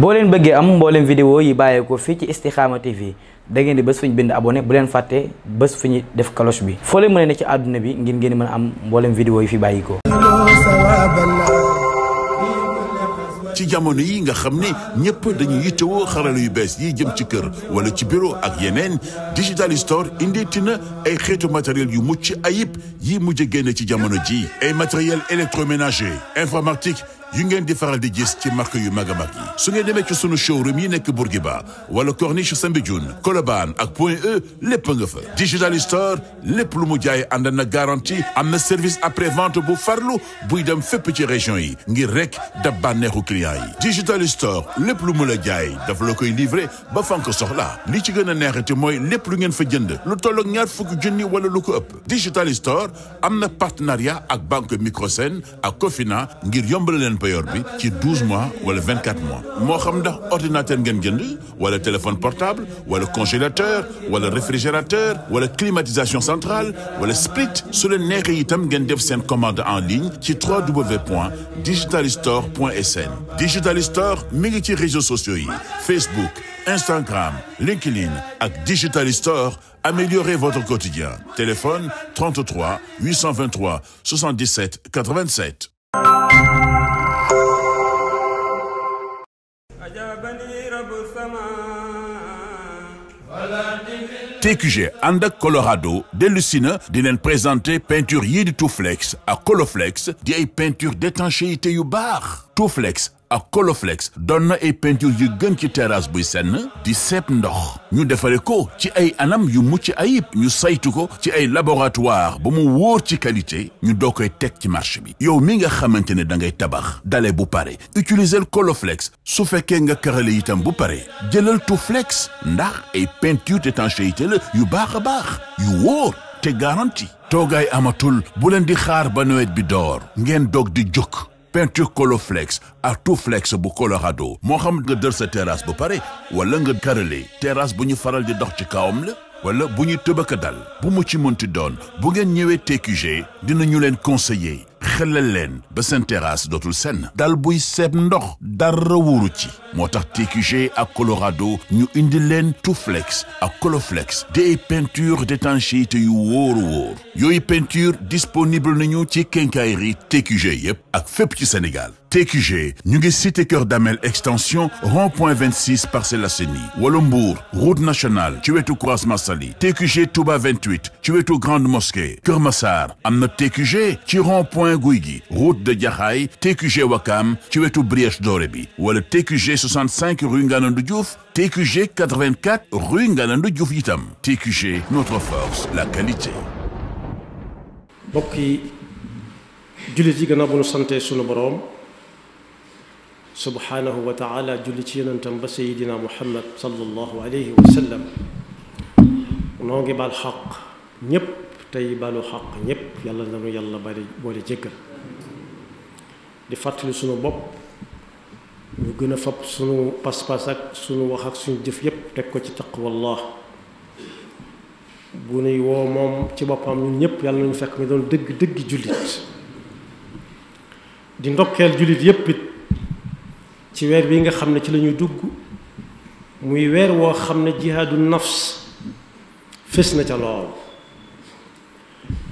boo leen bëggee am mbooleem vidéo yi bàyyeekoo fii ci Istikhama TV da ngeen di bés fu ñu bind abonné bu leen fàtte bés fu ñu def cloche bi foo leen mën ne ci àdduna bi ngir ngeen mën a am mbooleem vidéo yi fi bàyyikoo ci jamono yi nga xam ne ñëpp dañuy yittewoo xarala yu bees yi jëm ci kër wala ci bureau ak yeneen digital store indeeti na ay xeetu matériel yu mucc ayib yi mujj génne ci jamono ji ay matériel électroménager informatique yu ngeen di faral di gis ci marque yu mag a mag yi su ngeen demee ci sunu showroom yi nekk ba wala Corniche Soumbédioune Colobane ak Point E lépp nga fa digital lépp lu mu jaay ànd na garantie am na service après vente bu farlu buy dem fépp ci région yi ngir rek dab bànneexu client yi digital lépp lu mu la jaay dafa la koy livré ba fan soxla li ci gën a neex ti mooy lépp lu ngeen fa jënd lu tolloog ñaar fukki junni wala lu ko ëpp digital am na partenariat ak banque Microsen ak Cofina ngir yombal leen payor bi ci 12 mois wala 24 mois moo xam ndax ordinateur ngeen jënd wala téléphone portable wala congélateur wala réfrigérateur wala climatisation centrale wala split su leen neexee itam ngeen def seen commande en ligne ci www.digitalistore.sn Digitalistore mi ngi ci réseaux sociaux yi Facebook Instagram LinkedIn ak Digital Store améliorez votre quotidien téléphone 33 823 77 87 TQG ànd ak Colorado dellu si na di leen présenter peinture yii di Touflex ak Coloflex di ay peinture d'étanchéité yu baax Touflex ak koloflex doon na ay peinture yu gën ci terrasse buy senn di seep ndox ñu defare ko ci ay anam yu mucc ayib ñu saytu ko ci ay laboratoire ba mu wóor ci qualité ñu doo koy teg ci marché bi yow mi nga xamante ne da ngay tabax dale bu pare utiliser Coloflex su fekkee nga karale itam bu pare jëlal tu Touflex ndax ay peinture d'étanchéité la yu baax a baax yu wóor te garanti toogaay amatul bu leen di xaar ba nawet bi door ngeen dog di jóg peinture Coloflex Artouflex bu Colorado moo xam nga dër sa terrasse bu pare wala nga carrelé terrasse bu ñu faral di dox ci kawam la wala bu ñuy tëbaka dal bu mu ci mënti doon bu ngeen ñëwee TQG dinañu leen conseiller xelal leen ba seen terrasse dootul senn dal buy seeb ndox dara wóoru ci moo tax TQG ak Colorado ñu indi leen Touflex ak Coloflex des peintures d'étanchéité yu wóor wóor yooyu peinture disponible nañu ci quincaillerie TQG yëpp ak fépp ci Sénégal TQG ñu ngi cité Kër Damel extension rond-point 26 Parcelles Assainies wala Mbour route nationale ci wetu croisement Saly TQG Touba 28 ci wetu grande mosquée Kër Massar am na TQG ci rond-point point guy gi route de Jaxaay TQG Wakam ci wetu Brioche Dorée bi wala TQG 65 rue Nganandou Diouf TQG 84 rue Nganandou Diouf itam TQG notre force la qualité. mbokk yi jullit yi gannaaw bu nu sante sunu boroom subhaanahu wa taala julli ci yonentam ba sayidina muhammad sallallahu alayhi wa sallam noo ngi baal xaq ñépp tey balu xaq ñépp yàlla na nu yàlla bari boole jëkkal di fàttali sunu bopp ñu gën a fab sunu pas-pas ak sunu wax ak suñu jëf yépp teg ko ci taq taqwallah bu nuy woo moom ci boppam ñun ñépp yàlla nañu fekk mi doon dëgg dëgg jullit di ndokkeel jullit yépp ci weer bi nga xam ne ci lañuy dugg muy weer woo xam ne jihaadu nafs fés na ca lool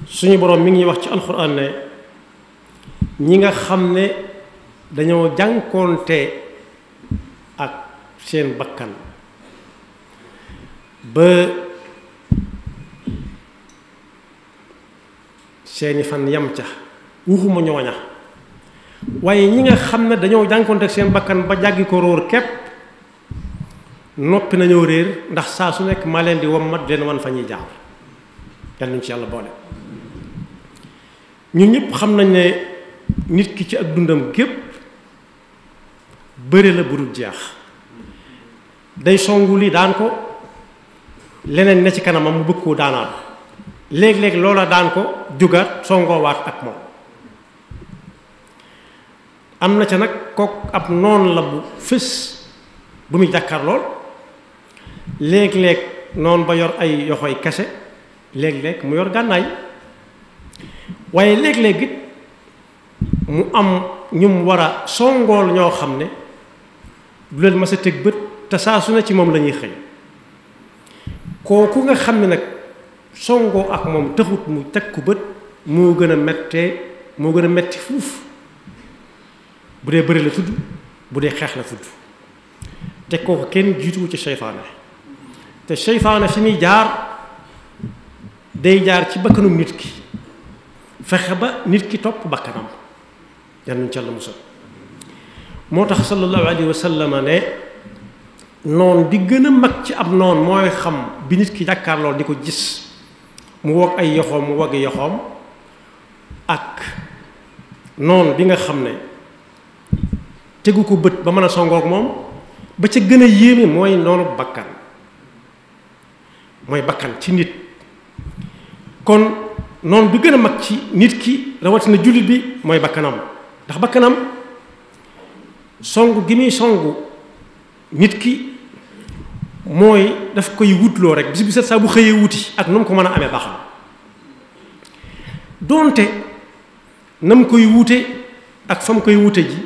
suñu borom mi ngi wax ci alxuraan ne ñi nga xam ne dañoo jànkoonte ak seen bakkan ba fan yam ca wuxuma waaye ñi nga xam ne dañoo jànkoonte seen bakkan ba jàggi ko róor képp noppi nañoo réer ndax saa su nekk maa leen di wommat leen wan fa ñuy jaar yal nañu yàlla boole ñu ñëpp xam nañ ne nit ki ci ak dundam gépp bëri la bu dul jeex day songu li daan ko leneen ne ci kanamam mu bëgg koo daanaat léeg-léeg loola daan ko jugaat songoowaat ak moom am na ca nag kook ab noon la bu fës bu muy jàkkaar lool léeg-léeg noon ba yor ay yoxoy kese léeg-léeg mu yor gànnaay waaye léeg-léeg it mu am ñum war a songool ñoo xam ne du leen mas a teg bët te saa su ne ci moom la ñuy xëy kooku nga xam ne nag songoo ak moom taxut mu teg ku bët moo gën a mettee moo gën a metti fuuf bu dee bëri la tudd bu dee xeex la tudd te kooku kenn jiituwu ci seytaane te seytaane fi muy jaar day jaar ci bakkanum nit ki fexe ba nit ki topp bakkanam yàlla nañ moo tax sallallahu alayhi wa sallam ne noon bi gën a mag ci ab noon mooy xam bi nit ki jàkkaarloo di ko gis mu wog ay yoxoom mu woggi yoxoom ak noon bi nga xam ne tegu ko bët ba mën a songook moom ba ca gën a yéeme mooy noonu bakkan mooy bakkan ci nit kon noonu bi gën a mag ci nit ki rawatina jullit bi mooy bakkanam ndax bakkanam songu gi muy songu nit ki mooy daf koy wutloo rek bis bisa set saa bu xëyee wuti ak nu mu ko mën a amee baax na doonte na koy wuute ak fa koy wuute ji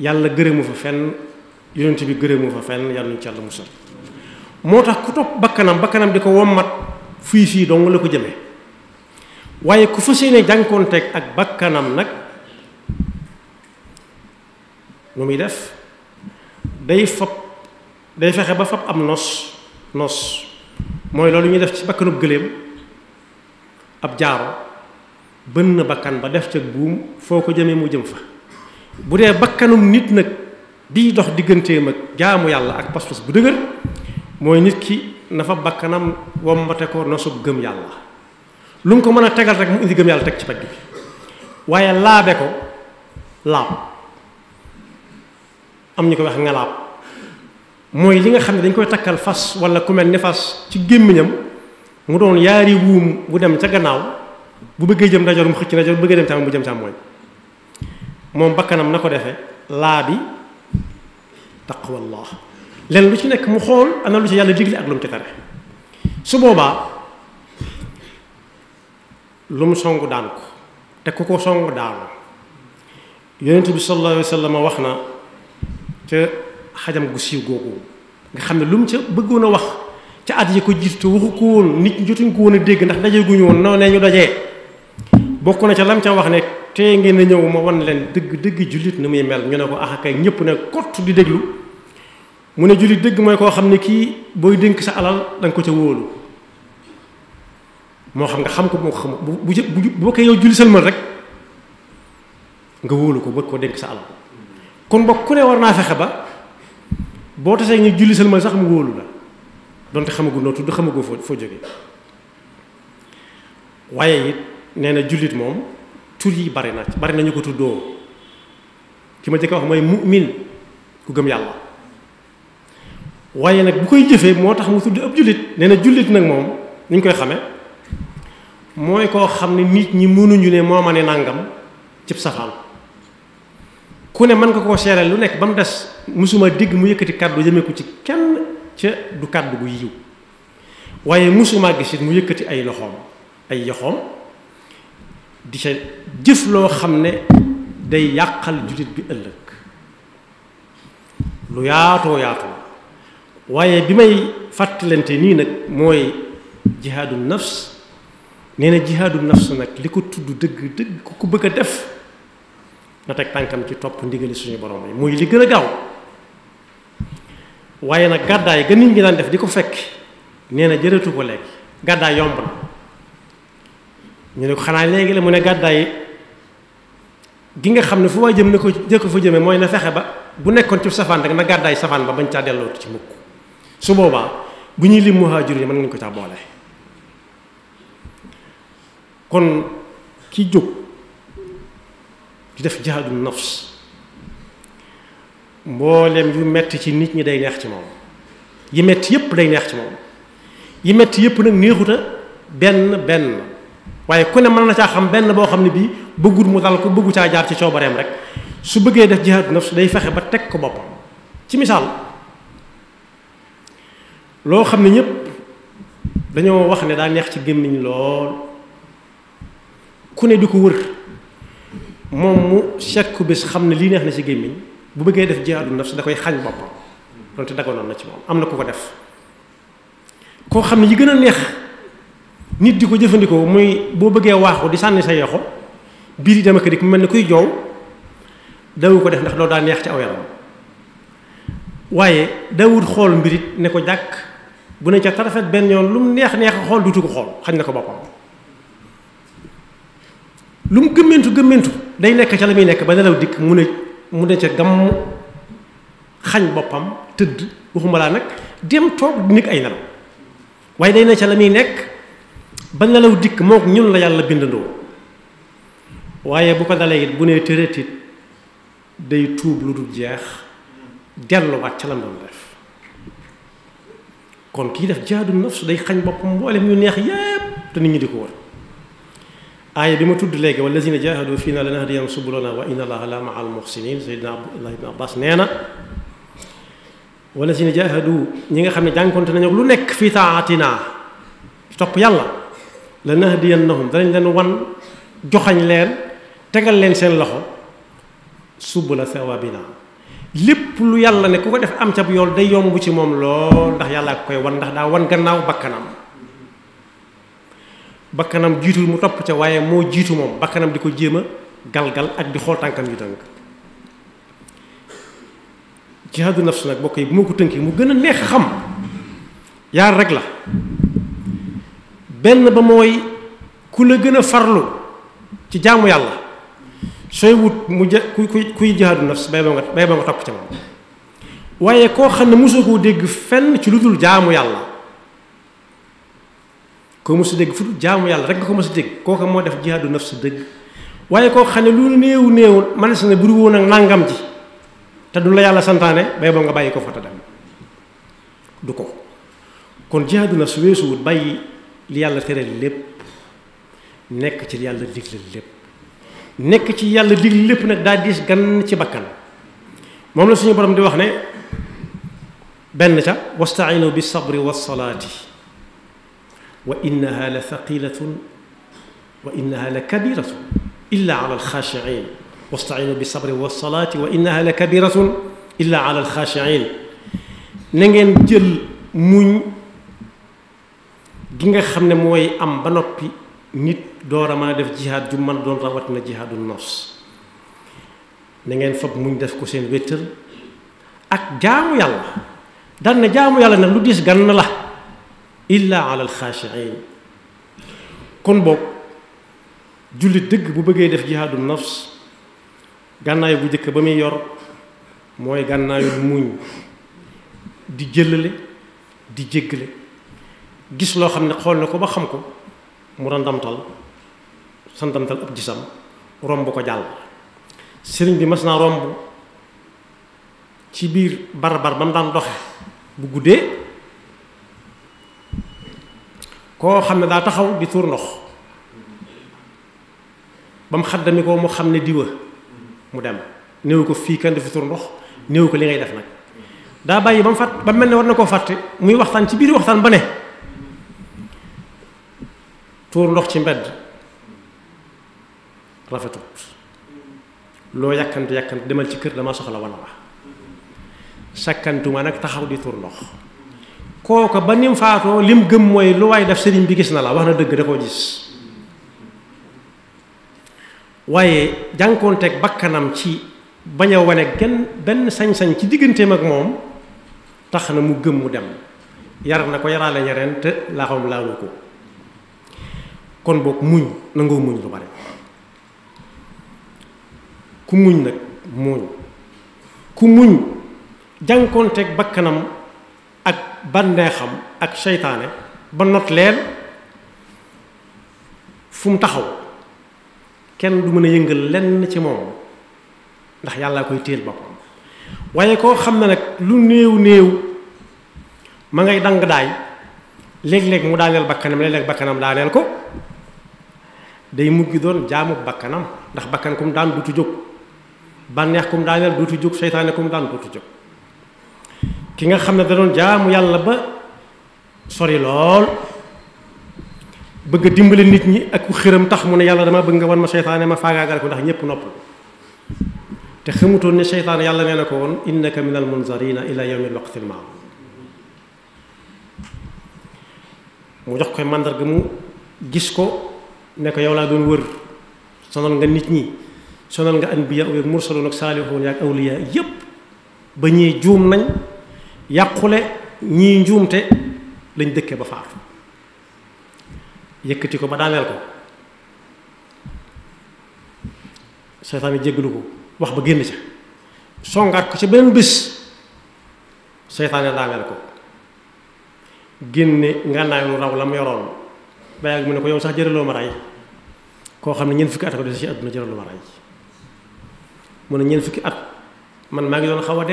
yàlla gërëmu fa fenn yonent bi gërëmu fa fenn yàlla ñu ci yàlla musal moo tax ku topp bakkanam bakkanam di ko wommat fii fii dong la ko jëmee waaye ku fas yéene jànkoonteeg ak bakkanam nag nu muy def day fab day fexe ba fab am nos nos mooy loolu ñuy def ci bakkanub gëléem ab jaaro bënn bakkan ba def ca buum foo ko jëmee mu jëm fa bu dee bakkanum nit nag di dox digganteem ak jaamu yàlla ak pas-pas bu dëgër mooy nit ki na fa bakkanam wombate ko nosub gëm yàlla lu mu ko mën a tegal rek mu indi gëm yàlla teg ci paj bi waaye laabe ko laab am ñu ko wax nga mooy li nga xam ne dañ koy takkal fas wala ku mel ni fas ci gémmiñam mu doon yaari wuum bu dem ca gannaaw bu bëggee jëm rajoor mu xëcc rajoor bu bëggee dem càmmoñ mu moom bakkanam na ko defee laabi taqwallah leen lu ci nekk mu xool ana lu ci yàlla digle ak lu mu ci tere su boobaa lu mu song daan ko te ku ko song daanu yonent bi sallallahu alayhi wa sallam wax na ca xajam gu siiw googu nga xam ne lu mu ca bëggoon a wax ca at yi ko jiitu waxu ko woon nit jotuñ ko woon a dégg ndax daje guñu woon noo ne ñu dajee bokk ca lam ca wax ne tey ngeen a ñëw ma wan leen dëgg dëgg jullit ni muy mel ñu ne ko ax ah, kay ñëpp ne kott di déglu mu ne jullit dëgg mooy koo xam ne kii booy dénk sa alal dañ ko ca wóolu moo xam nga xam ko moo ko xam bu bu bu bokkee yow julli sëlmal rek nga wóolu ko bëgg ko dénk sa alal kon bokk ku ne war naa fexe ba boo tasee ñu julli sëlmal sax mu wóolu la donte xamagul noo tudd xamagoo foo foo waaye it nee na jullit moom tur yi bari na bari nañu ko tuddoo ki ma jëkk wax mooy mu'min ku gëm yàlla waaye nag bu koy jëfee moo tax mu tudd ab jullit nee na jullit nag moom ni ñu koy xame mooy koo xam ne nit ñi mënuñu ne moo ma ne nangam cib safaan ku ne mën nga koo seereel lu nekk ba mu des musuma dégg mu yëkkati kàddu jëmee ko ci kenn ca du kàddu gu yiw waaye mosu gis it mu yëkkati ay loxoom ay yoxoom di ca jëf loo xam ne day yàqal jullit bi ëllëg lu yaatoo yaatoo waaye bi may fàttalante nii nag mooy jihaadu nafs nee na jihaadu nafs nag li ko tudd dëgg dëgg ku ko bëgg a def na teg tànkam ci topp ndigali suñu borom yi muy li gën a gaaw waaye nag gàddaay ga nit ñi daan def di ko fekk nee na jërëtu ko léegi gàddaay yomb na ñu ne ko xanaa léegi la mu ne gàddaay gi nga xam ne fu waa jëm ne ko jëkk fa jëme mooy na fexe ba bu nekkoon ci safaan rek na gàddaay safaan ba bañ caa delloo ci mukk su boobaa bu ñuy lim muhaajir yi mën nañu ko caa boole kon ki jóg di def jihaadu nafs mboolem yu metti ci nit ñi day neex ci moom yi metti yépp day neex ci moom yi metti yépp nag neexuta benn benn waaye ku ne mën na caa xam benn boo xam ne bii bëggul mu dal ko bëggu caa jaar ci coobareem rek su bëggee def jihaadu nafs day fexe ba teg ko boppam ci misaal loo xam ne ñépp dañoo wax ne daa neex ci gémmiñ lool ku ne di ko wër moom mu seet ku bés xam ne lii neex na ci gémmiñ bu bëggee def jihaadu nafs da koy xañ boppam loolu te dagoon na ci moom am na ku ko def koo xam ne yi gën a neex nit di ko jëfandikoo muy boo bëggee waaxu di sànni sa yoxo biir yi dem ko dik mel ni kuy joow dawu ko def ndax loolu daa neex ci aw yaram waaye dawut xool mbirit ne ko jàkk bu ne ca tarafet benn yoon lu mu neex neex xool dutu ko xool xañ na ko boppam lu mu gëmmentu gëmmentu day nekk ca la muy nekk ba nelaw dikk mu ne mu ne ca gamm xañ boppam tëdd waxuma laa nag dem toog di ay nelaw waaye day ne ca la muy nekk ba nelaw dikk moo ñun la yàlla bindandoo waaye bu ko dalee it bu nee tëreetit day tuub lu dul jeex delluwaat ca lam doon def kon kii def jaadu nafs day xañ boppam mboolem ñu neex yépp te nit ñi di ko wër aaya bi ma tudd léegi wallazina jaahadu fiina lanahdiyannahum subulana wa inna allaha la maal muxsinin sayyidina abdullah ibn abbas nee na wallazina jaahadu ñi nga xam ne jànkonte nañu lu nekk fii taatina topp yàlla lanahdiyannahum danañ leen wan joxañ leen tegal leen seen loxo subula sawabina lépp lu yàlla ne ku ko def am ca bu yool day yomb ci moom lool ndax yàlla koy wan ndax daa wan gannaaw bakkanam bakkanam jiitu mu topp ca waaye moo jiitu moom bakkanam di ko jéem a galgal ak di xool tànkam yu tànk jihaadu nafs nag bokk yi bu ma ko tënkee mu gën a neex xam yaar rek la benn ba mooy ku la gën a farlu ci jaamu yàlla sooy wut mu ja ku kuy kuy jihaadu nafs bay ba nga bay ba nga topp ca moom waaye koo xam ne mosoo koo dégg fenn ci lu dul jaamu yàlla koo mos dégg fu jaamu yàlla rek nga ko mos a dégg kooka moo def jihaadu nafs dëgg waaye koo xam lu néew néew man si ne buru woon ak nàngam ji te du la yàlla santaane bay boo nga bàyyi ko fa te dem du ko kon jihaadu nafs weesuwut bàyyi li yàlla tere lépp nekk ci yàlla digle lépp nekk ci yàlla digle lépp nag daa diis gan ci bakkan moom la suñu borom di wax ne benn ca wastainu bi sabri was salaati wa innaha la thaqilatun wa innaha la kabiratun illa ala alxaashiin wastainu bi sabri wasalaati wa innaha la kabiratun illa ala na ngeen jël muñ gi nga xam ne mooy am ba noppi nit door a mën a def jihaad ju mën a doon rawatina jihaadu nafs na ngeen fab muñ def ko seen wéttal ak jaamu yàlla daan na jaamu yàlla nag lu diis gan la illa ala alxaashiin kon boog jullit dëgg bu bëggee def jihaadu nafs gànnaayu bu jëkk ba muy yor mooy gànnaayu muñ di jëlale di jéggale gis loo xam ne xool na ko ba xam ko mu randamtal sandamtal ab gisam romb ko jàll sëriñ bi mas naa romb ci biir barbar ba daan doxe bu guddee koo xam ne daa taxaw di tuur ndox ba mu xaddami ko mu xam ne diwa mu dem néew ko fii kenn fi tuur ndox néew ko li ngay def nag daa bàyyi ba mu fàtt ba mel ne war na koo fàtte muy waxtaan ci biir waxtaan ba ne tuur ndox ci mbedd rafetut loo yàkkante yàkkante demal ci kër dama soxla walla wa sakkantuma nag taxaw di tuur ndox kooka ba nim faatoo lim gëm mooy lu waay def sëriñ bi gis na la wax na dëgg da koo gis waaye jànkoonteeg bakkanam ci bañ wane genn benn sañ-sañ ci digganteem ak moom tax na mu gëm mu dem yar na ko yaraale ñeneen te laaxam laalu ko kon boog muñ nangoo muñ lu bare ku muñ nag muñ ku muñ jànkoonteeg bakkanam bànneexam ak seytaane ba not leen fu taxaw kenn du mën a yëngal lenn ci moom ndax yàllaa koy téel boppam waaye koo xam ne nag lu néew néew ma ngay dang daay léeg-léeg mu daaneel bakkanam léeg-léeg bakkanam daaneel ko day mujj doon jaamu bakkanam ndax bakkan mu daan duuti jóg bànneex kum daaneel dutu jóg seytaane mu daan dutu jóg ki nga xam ne da doon jaamu yàlla ba soli lool bëgg dimbali nit ñi ak ku xëram tax mu ne yàlla dama bëgg nga wan ma seytaane ma faagaagal ko ndax ñëpp nopp te xamutoon ne seytaane yàlla nee na ko woon innaka minal munzarina ila yawmil waqtil ma'lum mu jox koy màndarga mu gis ko ne ko yow laa doon wër sonal nga nit ñi sonal nga anbiya ak mursaloon ak saalixoon yaak awliya yépp ba ñee juum nañ yàqule ñii njuumte lañ dëkke ba faatu yëkkati ko ba daaneel ko seytaan yi jéggalu ko wax ba génn ca songaat ko ca beneen bés seytaane daaneel ko génne ngànnaay lu raw la mu yoroon ba mu ne ko yow sax jëraloo ma rey koo xam ne ñeent fukki at ko des ci àdduna jëraloo ma rey mu ne ñeent fukki at man maa ngi doon xaw a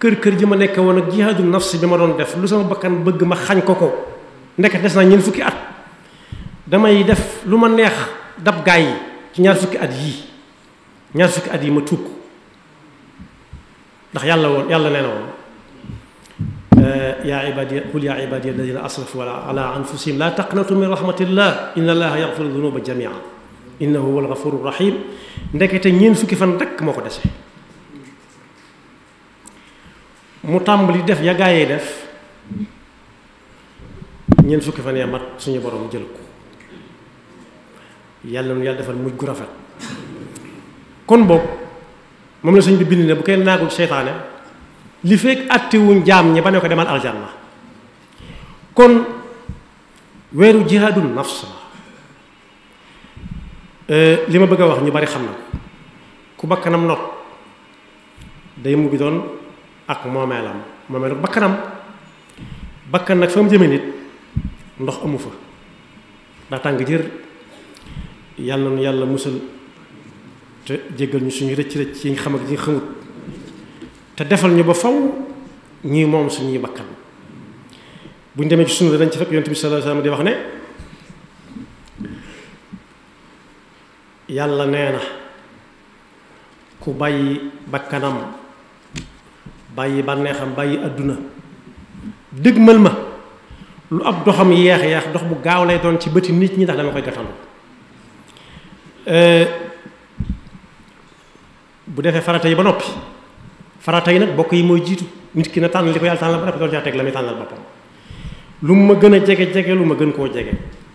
kër-kër ji ma nekk woon ak jihaadu nafs bi ma doon def lu sama bakkan bëgg ma xañ ko ko ndeket des naa ñeent fukki at damay def lu ma neex dab gaay yi ci ñaar fukki at yii ñaar fukki at yi ma tuub ko ndax yàlla woon yàlla nee na woon euh, yaa ibaadiya qul yaa ibaadiya alladina asrafu ala anfusihim laa taqnatu min rahmatillah inna allaha yaxfiru dunuba jamia innahu huwa alxafuru rahim ndekete ñeent fukki fan rekk moo ko dese mu tàmbali def ya gaayee def ñeent fukki fan ya mat suñu borom jël ko yàlla nu yàlla defal mujj gu rafet kon boog moom la suñ bi bind na bu kenn naagul seytaane li fekk àttewuñ jaam ñi ba ne ko demal aljanna kon weeru jihaadul nafs euh, li ma bëgg a wax ñu bari xam na ku bakkanam not day mu bi doon ak moomeelam moomeelu bakkanam bakkan nag fa mu jëme nit ndox amu fa ndax tàng jër yàlla na yàlla musal te jéggal ñu suñu rëcc rëcc yi nga xam ak te defal ñu ba faw ñii moom suñuy bakkan bu ñu demee ci sunu dañ ci fekk yonent bi sallallahu di wax ne yàlla nee na ku bàyyi bakkanam bàyyi bànneexam bàyyi àdduna dëgmal ma lu ab doxam yeex yeex dox bu gaaw lay doon ci bëti nit ñi ndax dama koy gatandu euh, bu defee farata yi ba noppi farata yi nag bokk yi mooy jiitu nit ki na tànn li ko yàlla tànnal teg la muy tànnal boppam lu mu ma gën a jege jege lu ma gën koo jege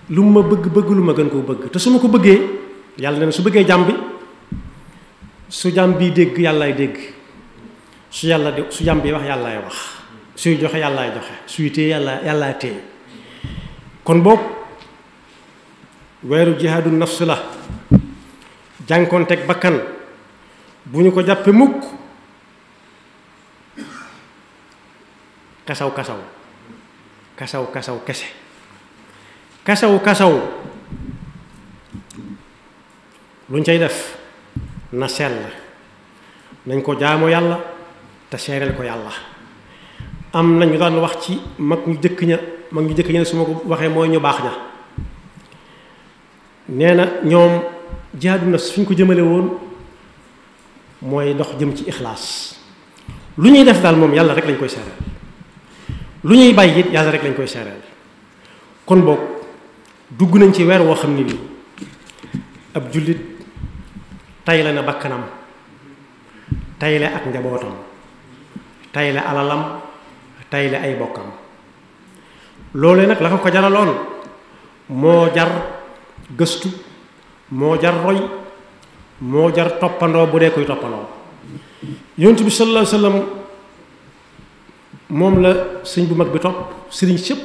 lu mu ma bëgg bëgg lu ma gën koo bëgg te su ma ko bëggee yàlla nee na su bëggee jàmm bi su jàmm bi dégg yàllaay dégg su yàlla di su jàmbi wax yàllaay wax suy joxe yàllaay joxe suy téye yàlla yàllaa kon boog weeru jihaadu nafs la jànkoonteeg bakkan bu ñu ko jàppee mukk kasaw kasaw kasaw kasaw kese kasaw kasaw luñ cay def na sell nañ ko jaamu yàlla te seereel ko yàlla am na ñu daan wax ci mag ñu jëkk ña mag ñu jëkk ña su ma ko waxee mooy ñu baax ña nee na ñoom jaadu na suñ ko jëmalee woon mooy ndox jëm ci ixlaas lu ñuy def daal moom yàlla rek lañ koy seereel lu ñuy bàyyi yàlla rek lañ koy seereel kon bokk dugg nañ ci weer woo xam ne bii ab jullit tayle na bakkanam tayle ak njabootam tay la alalam tay la ay bokkam loole nag la ko ko jaraloon moo jar gëstu moo jar roy moo jar toppandoo bu dee koy toppandoo yonent bi sallallahu moom la sëñ bu mag bi topp sëriñ sëpp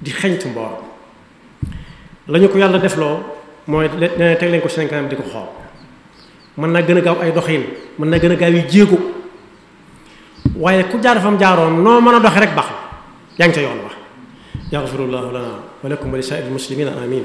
di xeñtu mboor lañu ko yàlla defloo mooy nee teg leen ko seen kanam di ko xool mën naa gën a gaaw ay doxin mën naa gën a gaaw yi jéego waaye ku jaar fam jaaroon noo mën a doxe rek baax na yaa ngi ca yoon wa yaxfirullahu lana wa lakum wa li saa'iril muslimina amin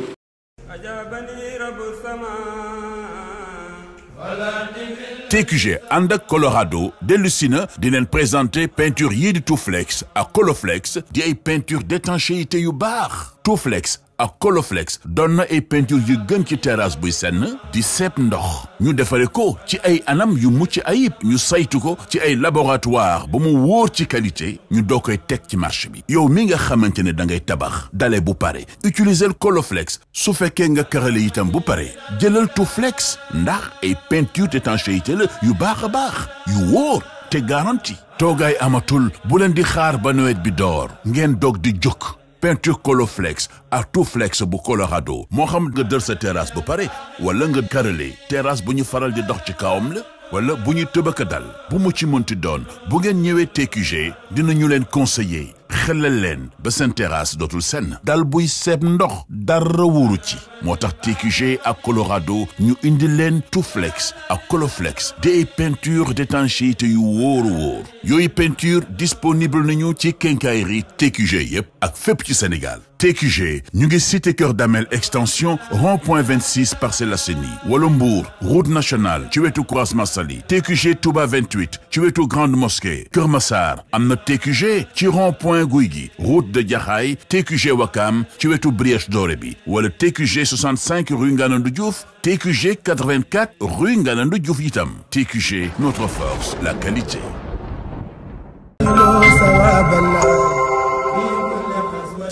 TQG ànd ak Colorado dellusi na di leen présenter peinture yii di Touflex ak Coloflex di ay peinture d'étanchéité yu baax Touflex ak Coloflex doon na ay peinture yu gën ci terrasse buy senn di seet ndox ñu defare ko ci ay anam yu mucc ayib ñu saytu ko ci ay laboratoire ba mu wóor ci qualité ñu doo koy teg ci marché bi yow mi nga xamante ne da ngay tabax dale bu pare utiliser Coloflex su fekkee nga karale itam bu pare jëlal Touflex ndax ay peinture d'étanchéité la yu baax a baax yu wóor te garanti toogaay amatul bu leen di xaar ba nawet bi door ngeen dog di jóg peinture Coloflex Artuflex bu Colorado moo xam nga dër sa terrasse bu pare wala nga carrelé terrasse bu ñu faral di dox ci kawam la wala bu ñu tëbaka dal bu mu ci mënti doon bu ngeen ñëwee TQG dina ñu leen conseiller xelal leen ba seen terrasse dootul seen dal buy seeb ndox dara wóoru ci moo tax TQG ak Colorado ñu indi leen Touflex ak Coloflex des peintures d'étanchéité yu wóoru wóor yooyu peinture disponible nañu ci quincaillerie TQG yëpp ak fépp ci Sénégal TQG ñu ngi cité kër d'Amel extension rond point 26 Parcelles Assainies wala Mbour route nationale ci wetu croisement Saly TQG Touba 28 ci wetu grande mosquée Kër Massar am na TQG ci rond point guy gi route de Jaxaay TQG Wakam ci wetu Brioche Dorée bi wala TQG 65 rue Nganandou Diouf TQG 84 rue Nganandou Diouf itam TQG notre force la qualité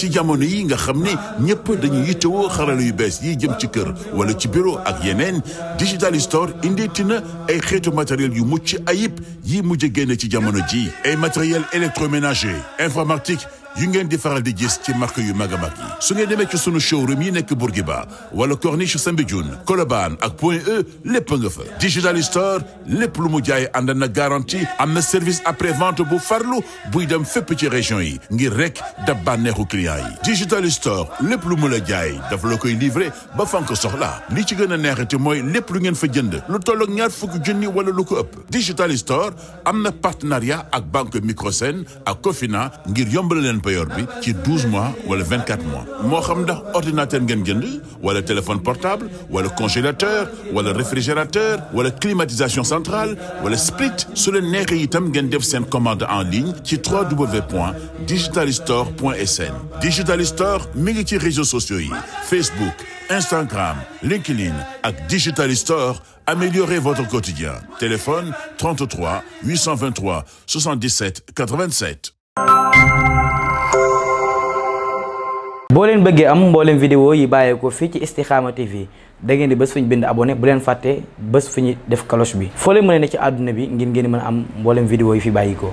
ci jamono yi nga xam ne ñëpp dañuy yittewoo xarala yu bees yi jëm ci kër wala ci bureau ak yeneen digital store indeeti na ay xeetu matériel yu mucc ayib yi mujj génne ci jamono ji ay matériel électroménager informatique yu ngeen di faral di gis ci marque yu mag a mag yi su ngeen demee ci sunu showroom yi nekk Bourguiba wala Corniche Soumbédioune Colobane ak Point E lépp nga fa digital lépp lu mu jaay ànd na garantie am na service après vente bu farlu buy dem fépp ci région yi ngir rek dab bànneexu client yi digital lépp lu mu la jaay dafa la koy livré ba fan ko soxla li ci gën a ti mooy lépp lu ngeen fa jënd lu tolloog ñaar fukki junni wala lu ko ëpp digital am na partenariat ak banque Microsen ak Cofina ngir yombal leen payor bi ci 12 mois wala 24 mois moo xam ndax ordinateur ngeen jënd wala téléphone portable wala congélateur wala réfrigérateur wala climatisation centrale wala split su leen neexee itam ngeen def seen commande en ligne ci www.digitalistore.sn Digitalistore mi ngi ci réseaux sociaux yi Facebook Instagram LinkedIn ak Digital Store améliorez votre quotidien téléphone 33 823 77 87 boo leen bëggee am mbooleem vidéo yi bàyyeekoo fii ci Istikhama TV da ngeen di bés fu ñu bind abone bu leen fàtte bés fu ñu def cloche bi foo leen mën a ne ci àdduna bi ngir ngeen mën a am mbooleem vidéo yi fi bàyyikoo